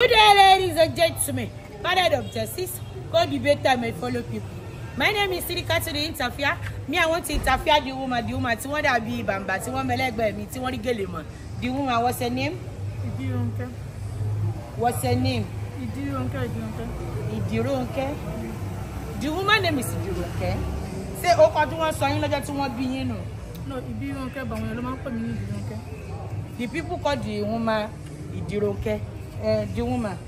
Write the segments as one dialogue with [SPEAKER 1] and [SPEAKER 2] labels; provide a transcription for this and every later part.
[SPEAKER 1] Good day, ladies and gentlemen. Father of justice, God be better, my fellow people. My name is Sirika to the Me, I want to interfere the woman, the woman, tí wọ́n dàbí bàmbà, tí wọ́n mẹ́lẹ́gbẹ̀ẹ́ mi, tí wọ́n rí gèlè mọ́. The woman, what's her name? Idironke. What's her name? Idironke, Idironke. Idironke? The woman name is Idironke. Say, ó kọ́ you want to yín lọ́jọ́ tí wọ́n bí yín nù? No, Idironke, But èèyàn ló máa ń pè mí ní Idironke. The people call the woman Idironke the woman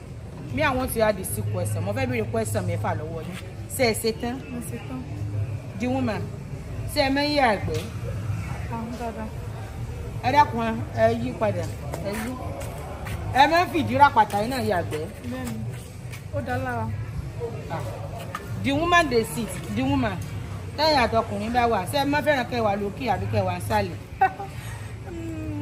[SPEAKER 1] me i want to add the six question mo fẹ́ béèrè question mẹ́fà lọ́wọ́ yín ṣé ẹ ṣe tán the woman ṣé ẹ mẹ́yìn àgbẹ̀ ẹ dákun ẹ yí padà ẹ yí ẹ mẹ́ fìdíra pàtàkì náà yàgbẹ́. ó dá lára. the woman dey sit the woman tẹ́yìn àtọkùnrin bá wà ṣé ẹ má fẹ́ràn kẹwàá lókè àbí kẹwàá sálẹ̀.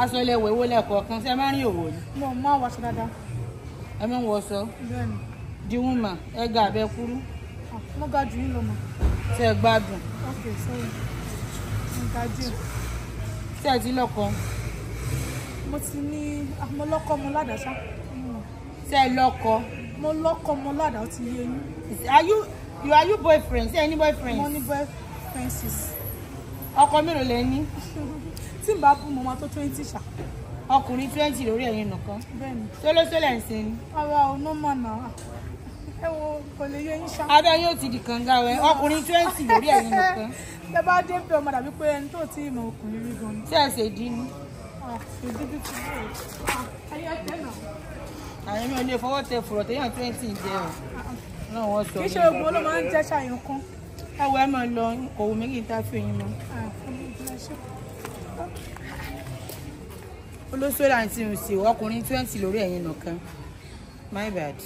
[SPEAKER 1] aṣọ ilé ìwé wọlé ẹ̀kọ́ kan ṣe máa ń rìn òwò ni. mo máa ń wọṣọ dáadáa. ẹ máa ń wọṣọ. bẹ́ẹ̀ni. di wúmà ẹ ga abẹ kúrú. Ah, mo ga jù yín lọ mọ. ṣe é gbádùn. ok sorry nǹkan díẹ̀. ṣe é ti lọ́kọ. mo ti ní ah, mo lọ́kọ mo ládàáṣá. ṣe é lọ́kọ. mo lọ́kọ mo ládàá ó ti yé yín. are you you are you boyfriend ṣe é ní boyfriend. mo ní boyfriend sis ọkọ mélòó lẹ ní tí n bá bú mo máa tó twenty ṣá ọkùnrin twenty lórí ẹ̀yin nìkan tólótólẹ̀ ń sin ni. ara ò ná mọ̀ náà ẹ wo kò lè yé yín ṣá. abẹ́ yóò ti di kànga wẹ ọkùnrin twenty lórí ẹ̀yin nìkan. tẹ bá dé bí ọmọ dàbí pé ẹni tó ti mọ ọkùnrin rí gan ni. tí ẹ ṣe dín ní. ṣèdí bí ti bọ̀ ah, ẹyẹ tẹ náà. tẹ̀yàn twenty jẹ́ o. Ah, ah. kì í ṣe gbogbo ló máa ń jẹ́ ṣàyàn kan ẹwọ ẹ máa lọ kò wù mí kí n ta fi yín mọ. Ah, olóṣèlú àti ǹsì ọkùnrin twenty lórí ẹ̀yìn nìkan my bad.